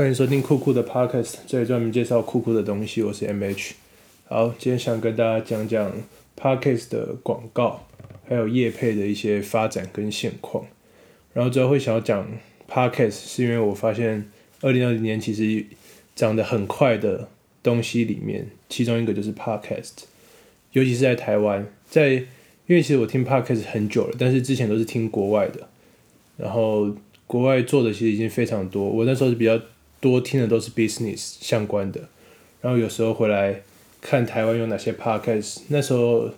歡迎收聽酷酷的 Podcast，這裡專門介紹酷酷的東西。我是 MH，好，今天想跟大家講講 Podcast 的廣告，還有業配的一些發展跟現況。然後最後會想要講 Podcast，是因為我發現二零二零年其實漲得很快的東西裡面，其中一個就是 Podcast，尤其是在台灣，在因為其實我聽 Podcast 很久了，但是之前都是聽國外的，然後國外做的其實已經非常多。我那時候是比較。多聽的都是 business 相關的，然後有時候回來看台灣有哪些 podcast。那時候，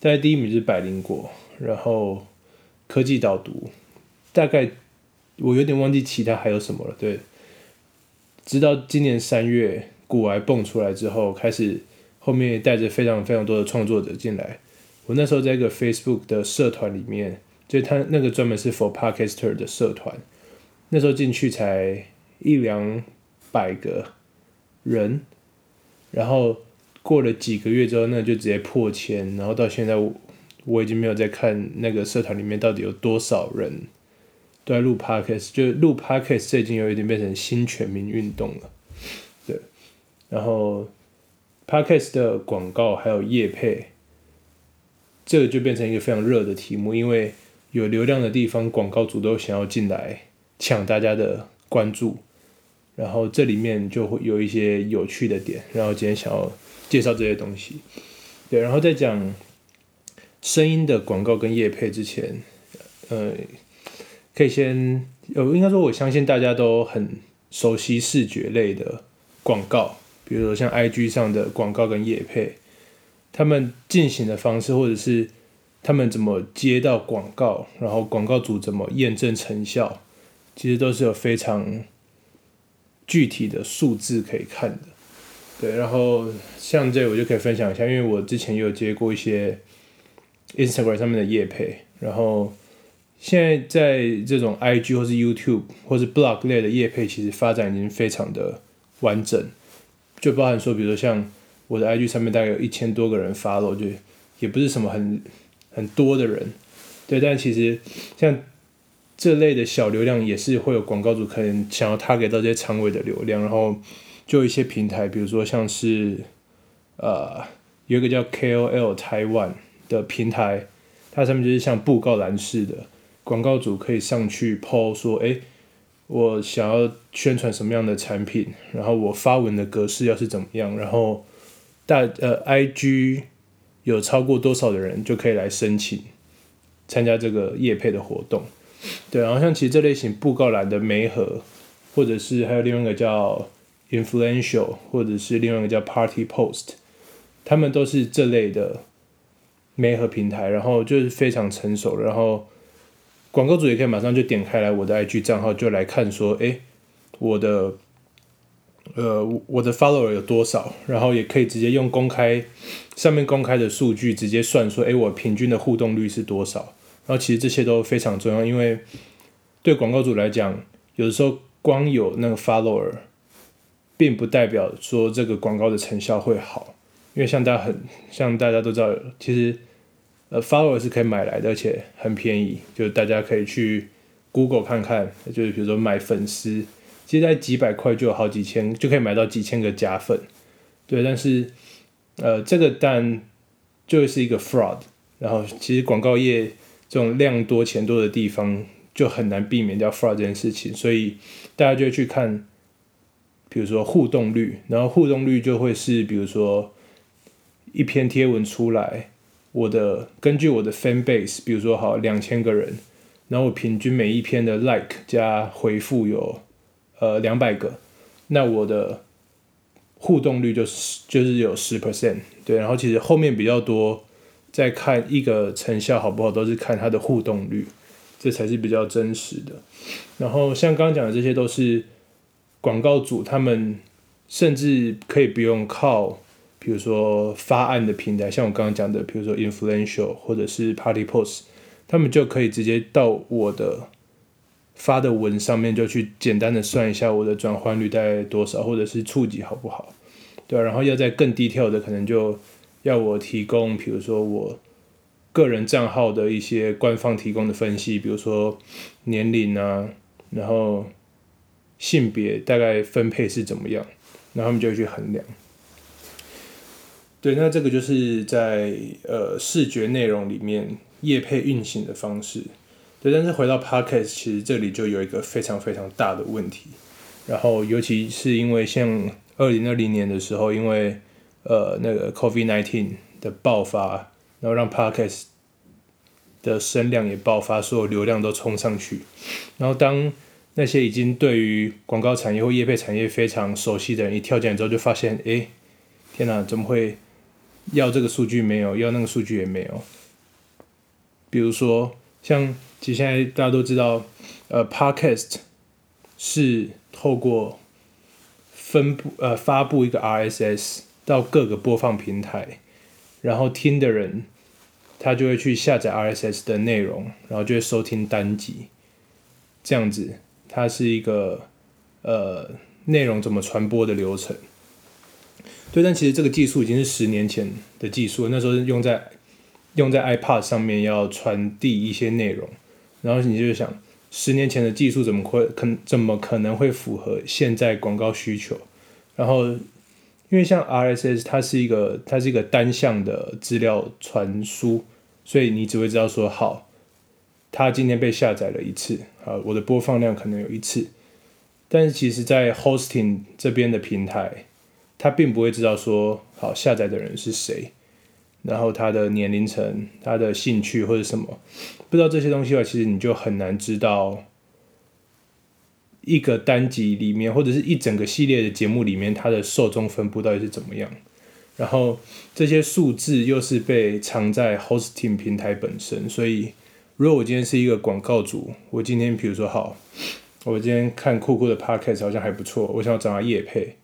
大概第一名是百靈果，然後科技島讀，大概我有點忘記其他還有什麼了。對，直到今年三月，股癌蹦出來之後，開始後面帶着非常非常多的創作者進來。我那時候在一個 Facebook 的社團裡面，就他那個專門是 for podcaster 的社團，那時候進去才。一兩百個人，然後過了幾個月之後，那就直接破千。然後到現在我，我已經沒有在看那個社團裡面到底有多少人都在錄 podcast，就錄 podcast，這已經有一點變成新全民運動了。對，然後 podcast 的廣告還有業配，這個就變成一個非常熱的題目，因為有流量的地方，廣告主都想要進來搶大家的關注。然後這裡面就會有一些有趣的點，然後今天想要介紹這些東西。對，然後在講聲音的廣告跟業配之前，呃，可以先，呃，應該說我相信大家都很熟悉視覺類的廣告，比如說像 IG 上的廣告跟業配，他們進行的方式，或者是他們怎麼接到廣告，然後廣告主怎麼驗證成效，其實都是有非常。具體的數字可以看的，對，然後像這我就可以分享一下，因為我之前也有接過一些 Instagram 上面的業配，然後現在在這種 IG 或是 YouTube 或是 Blog 類的業配，其實發展已經非常的完整，就包含說，比如說像我的 IG 上面大概有一千多個人 follow，就也不是什麼很很多的人，對，但其實像。這類的小流量也是會有廣告主，可能想要 target 到這些長尾的流量，然後就一些平台，比如說像是，呃，有一個叫 KOL 台灣的平台，它上面就是像布告欄似的，廣告主可以上去 po 說，哎，我想要宣傳什麼樣的產品，然後我發文的格式要是怎麼樣，然後大呃 IG 有超過多少的人就可以來申請參加這個業配的活動。對，然後像其實這類型布告欄的媒合，或者是還有另外一個叫 Influential，或者是另外一個叫 Party Post，他們都是這類的媒合平台，然後就是非常成熟，然後廣告主也可以馬上就點開來我的 IG 賬號，就來看說，誒，我的呃我的 follower 有多少，然後也可以直接用公開上面公開的數據直接算說，誒，我平均的互動率是多少。然後其實這些都非常重要，因為對廣告主來講，有的時候光有那個 follower，並不代表說這個廣告的成效會好。因為像大家很像大家都知道，其實呃 follower 是可以買來的，而且，很便宜。就是大家可以去 Google 看看，就是比如說買粉絲，其實在幾百塊就有好幾千，就可以買到幾千個假粉。對，但是呃這個當然就是一個 fraud。然後其實廣告業。這種量多錢多的地方就很難避免掉 fraud 這件事情，所以大家就去看，比如說互動率，然後互動率就會是，比如說一篇貼文出來，我的根據我的 fan base，比如說好兩千個人，然後我平均每一篇的 like 加回覆有呃兩百個，那我的互動率就是就是有十 percent，對，然後其實後面比較多。在看一個成效好不好，都是看它的互動率，這才是比較真實的。然後像剛剛講的，這些都是廣告主他們甚至可以不用靠，比如說發案的平台，像我剛剛講的，比如說 influential 或者是 party post，他們就可以直接到我的發的文上面就去簡單的算一下我的轉換率大概多少，或者是觸及好不好，對啊，然後要再更 detail 的，可能就。要我提供，比如說我個人賬號的一些官方提供的分析，比如說年齡啊，然後性別大概分配是怎麼樣，那他們就會去衡量。對，那這個就是在呃視覺內容裡面業配運行的方式。對，但是回到 Podcast，其實這裡就有一個非常非常大的問題，然後尤其是因為像二零二零年的時候，因為呃，那個 COVID-19 的爆發，然後讓 Podcast 的聲量也爆發，所有流量都衝上去。然後當那些已經對於廣告產業或業配產業非常熟悉的人一跳進來之後，就發現，哎，天哪，怎麼會要這個數據沒有，要那個數據也沒有？比如說，像其實現在大家都知道，呃，Podcast 是透過分布，呃，發布一個 RSS。到各個播放平台，然後聽的人，他就會去下載 RSS 的內容，然後就會收聽單集，這樣子，它是一個呃內容怎麼傳播的流程。對，但其實這個技術已經是十年前的技術，那時候是用在用在 iPod 上面要傳遞一些內容，然後你就想，十年前的技術怎麼會可怎麼可能會符合現在廣告需求？然後。因為像 RSS，它是一個它是一個單向的資料傳輸，所以你只會知道說好，它今天被下載了一次，啊，我的播放量可能有一次，但是其實，在 hosting 這邊的平台，它並不會知道說好下載的人是誰，然後他的年齡層、他的興趣或者什麼，不知道這些東西的話，其實你就很難知道。一個單集裡面，或者是一整個系列的節目裡面，它的受眾分布到底是怎麼樣？然後這些數字又是被藏在 hosting 平台本身。所以，如果我今天是一個廣告主，我今天比如說好，我今天看酷酷的 podcast 好像還不錯，我想要找他業配，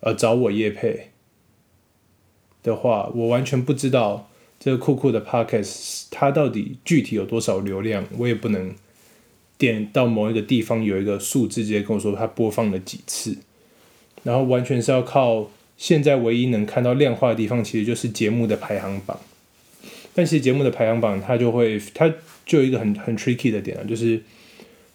呃，找我業配的話，我完全不知道這個酷酷的 podcast 它到底具體有多少流量，我也不能。點到某一個地方有一個數字，直接跟我說它播放了幾次，然後完全是要靠現在唯一能看到量化的地方，其實就是節目的排行榜。但其實節目的排行榜它就會它就有一個很很 tricky 的點啊，就是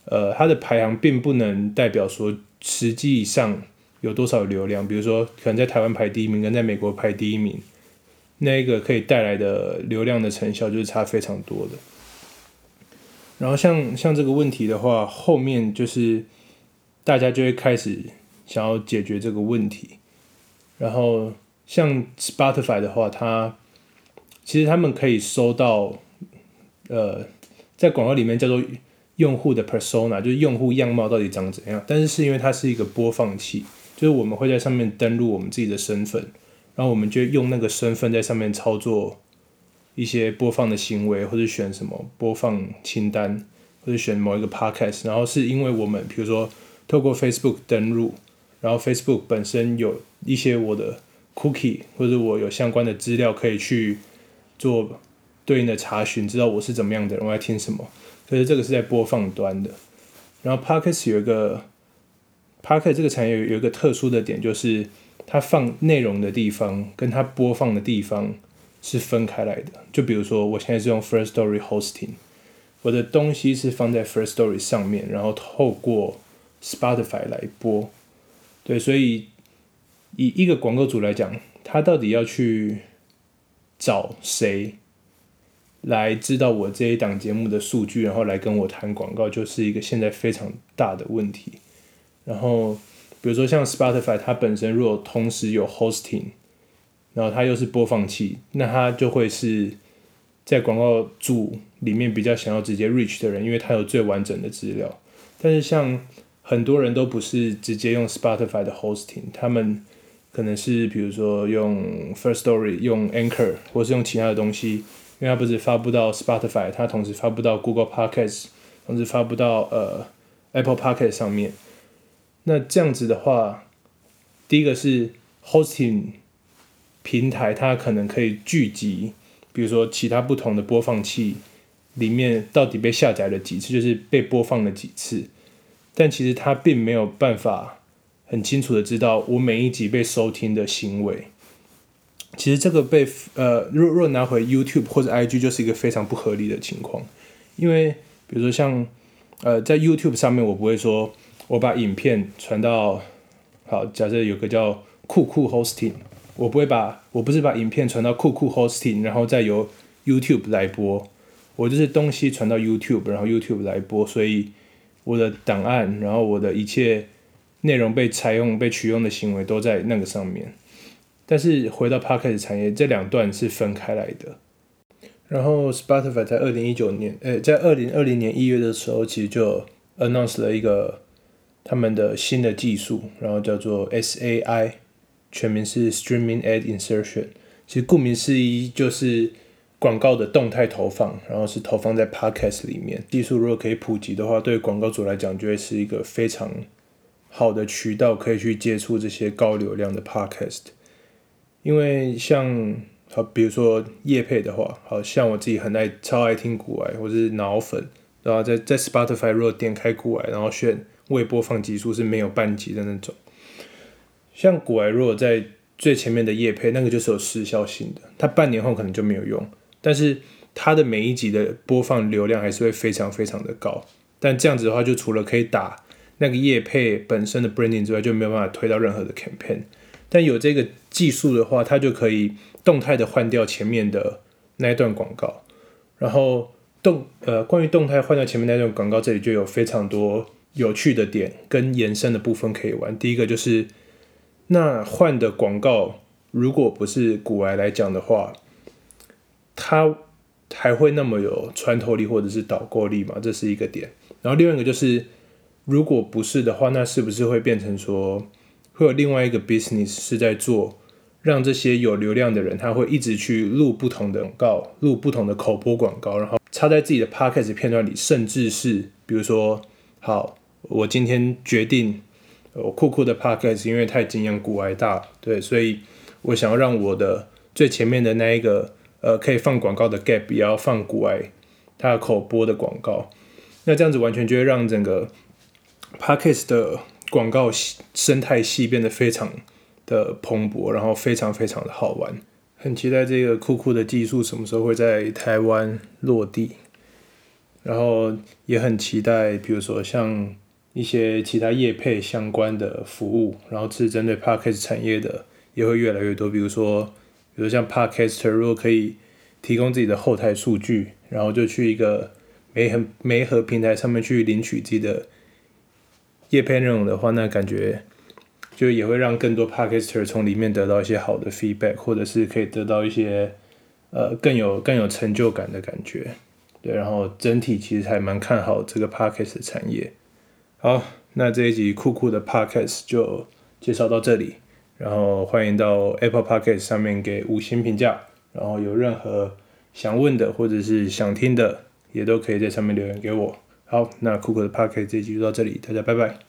呃它的排行並不能代表說實際上有多少流量。比如說可能在台灣排第一名跟在美國排第一名，那一個可以帶來的流量的成效就是差非常多的。然後像像這個問題的話，後面就是大家就會開始想要解決這個問題。然後像 Spotify 的話，它其實他們可以搜到，呃，在廣告裡面叫做用戶的 persona，就是用戶樣貌到底長怎樣。但是是因為它是一個播放器，就是我們會在上面登錄我們自己的身份，然後我們就用那個身份在上面操作。一些播放的行為，或者選什麼播放清單，或者選某一個 podcast，然後是因為我們，比如說透過 Facebook 登入，然後 Facebook 本身有一些我的 cookie，或者我有相關的資料可以去做對應的查詢，知道我是怎麼樣的人，我要聽什麼。可是這個是在播放端的。然後 podcast 有一個 podcast 這個產業有一個特殊的點，就是它放內容的地方跟它播放的地方。是分開來的，就比如說，我現在是用 Firstory Hosting，我的東西是放在 Firstory 上面，然後透過 Spotify 來播，對，所以以一個廣告主來講，他到底要去找誰來知道我這一檔節目的數據，然後來跟我談廣告，就是一個現在非常大的問題。然後，比如說像 Spotify，它本身如果同時有 Hosting。然後它又是播放器，那它就會是在廣告主裡面比較想要直接 reach 的人，因為它有最完整的資料。但是像很多人都不是直接用 Spotify 的 hosting，他們可能是比如說用 Firstory、用 Anchor，或是用其他的東西，因為它不是發布到 Spotify，它同時發布到 Google Podcast，同時發布到呃 Apple Podcast 上面。那這樣子的話，第一個是 hosting。平台它可能可以聚集，比如說其他不同的播放器裡面到底被下載了幾次，就是被播放了幾次，但其實它並沒有辦法很清楚的知道我每一集被收聽的行為。其實這個被呃，若若拿回 YouTube 或者 IG 就是一個非常不合理的情況，因為比如說像呃，在 YouTube 上面，我不會說我把影片傳到好，假設有個叫酷酷 Hosting。我不會把，我不是把影片傳到酷酷 Hosting，然後再由 YouTube 來播。我就是東西傳到 YouTube，然後 YouTube 來播。所以我的檔案，然後我的一切內容被採用、被取用的行為都在那個上面。但是回到 Podcast 產業，這兩段是分開來的。然後 Spotify 在二零一九年，呃、欸，在二零二零年一月的時候，其實就 announce 了一個他們的新的技術，然後叫做 SAI。全名是 Streaming Ad Insertion，其實顧名思義就是廣告的動態投放，然後是投放在 Podcast 裡面。技術如果可以普及的話，對於廣告主來講，就會是一個非常好的渠道，可以去接觸這些高流量的 Podcast。因為像好，比如說業配的話，好像我自己很愛超愛聽股癌或者是腦粉，然後在在 Spotify 如果點開股癌，然後選未播放集數是沒有半集的那種。像股癌若在最前面的業配，那個就是有時效性的，它半年後可能就沒有用。但是它的每一集的播放流量還是會非常非常的高。但這樣子的話，就除了可以打那個業配本身的 branding 之外，就沒有辦法推到任何的 campaign。但有這個技術的話，它就可以動態的換掉前面的那一段廣告。然後動呃，關於動態換掉前面那段廣告，這裡就有非常多有趣的點跟延伸的部分可以玩。第一個就是。那換的廣告，如果不是古來來講的話，它還會那麼有穿透力或者是導購力嗎？這是一個點。然後另外一個就是，如果不是的話，那是不是會變成說，會有另外一個 business 是在做，讓這些有流量的人，他會一直去錄不同的廣告，錄不同的口播廣告，然後插在自己的 podcast 片段裡，甚至是比如說，好，我今天決定。我酷酷的 podcast 因為太驚艷股癌大，對，所以我想要讓我的最前面的那一個，呃，可以放廣告的 gap 也要放股癌，它的口播的廣告，那這樣子完全就會讓整個 podcast 的廣告系生態系變得非常的蓬勃，然後非常非常的好玩。很期待這個酷酷的技術什麼時候會在台灣落地，然後也很期待，比如說像。一些其他業配相關的服務，然後是針對 Podcast 產業的也會越來越多。比如說，比如像 Podcaster 如果可以提供自己的後台數據，然後就去一個媒很媒合平台上面去領取自己的業配內容的話，那感覺就也會讓更多 podcaster 從裡面得到一些好的 feedback，或者是可以得到一些呃更有更有成就感的感覺。對，然後整體其實還蠻看好這個 Podcast 產業。好，那這一集酷酷的 Podcast 就介紹到這裡。然後歡迎到 Apple Podcast 上面給五星評價。然後有任何想問的或者是想聽的，也都可以在上面留言給我。好，那酷酷的 Podcast 這集就到這裡，大家拜拜。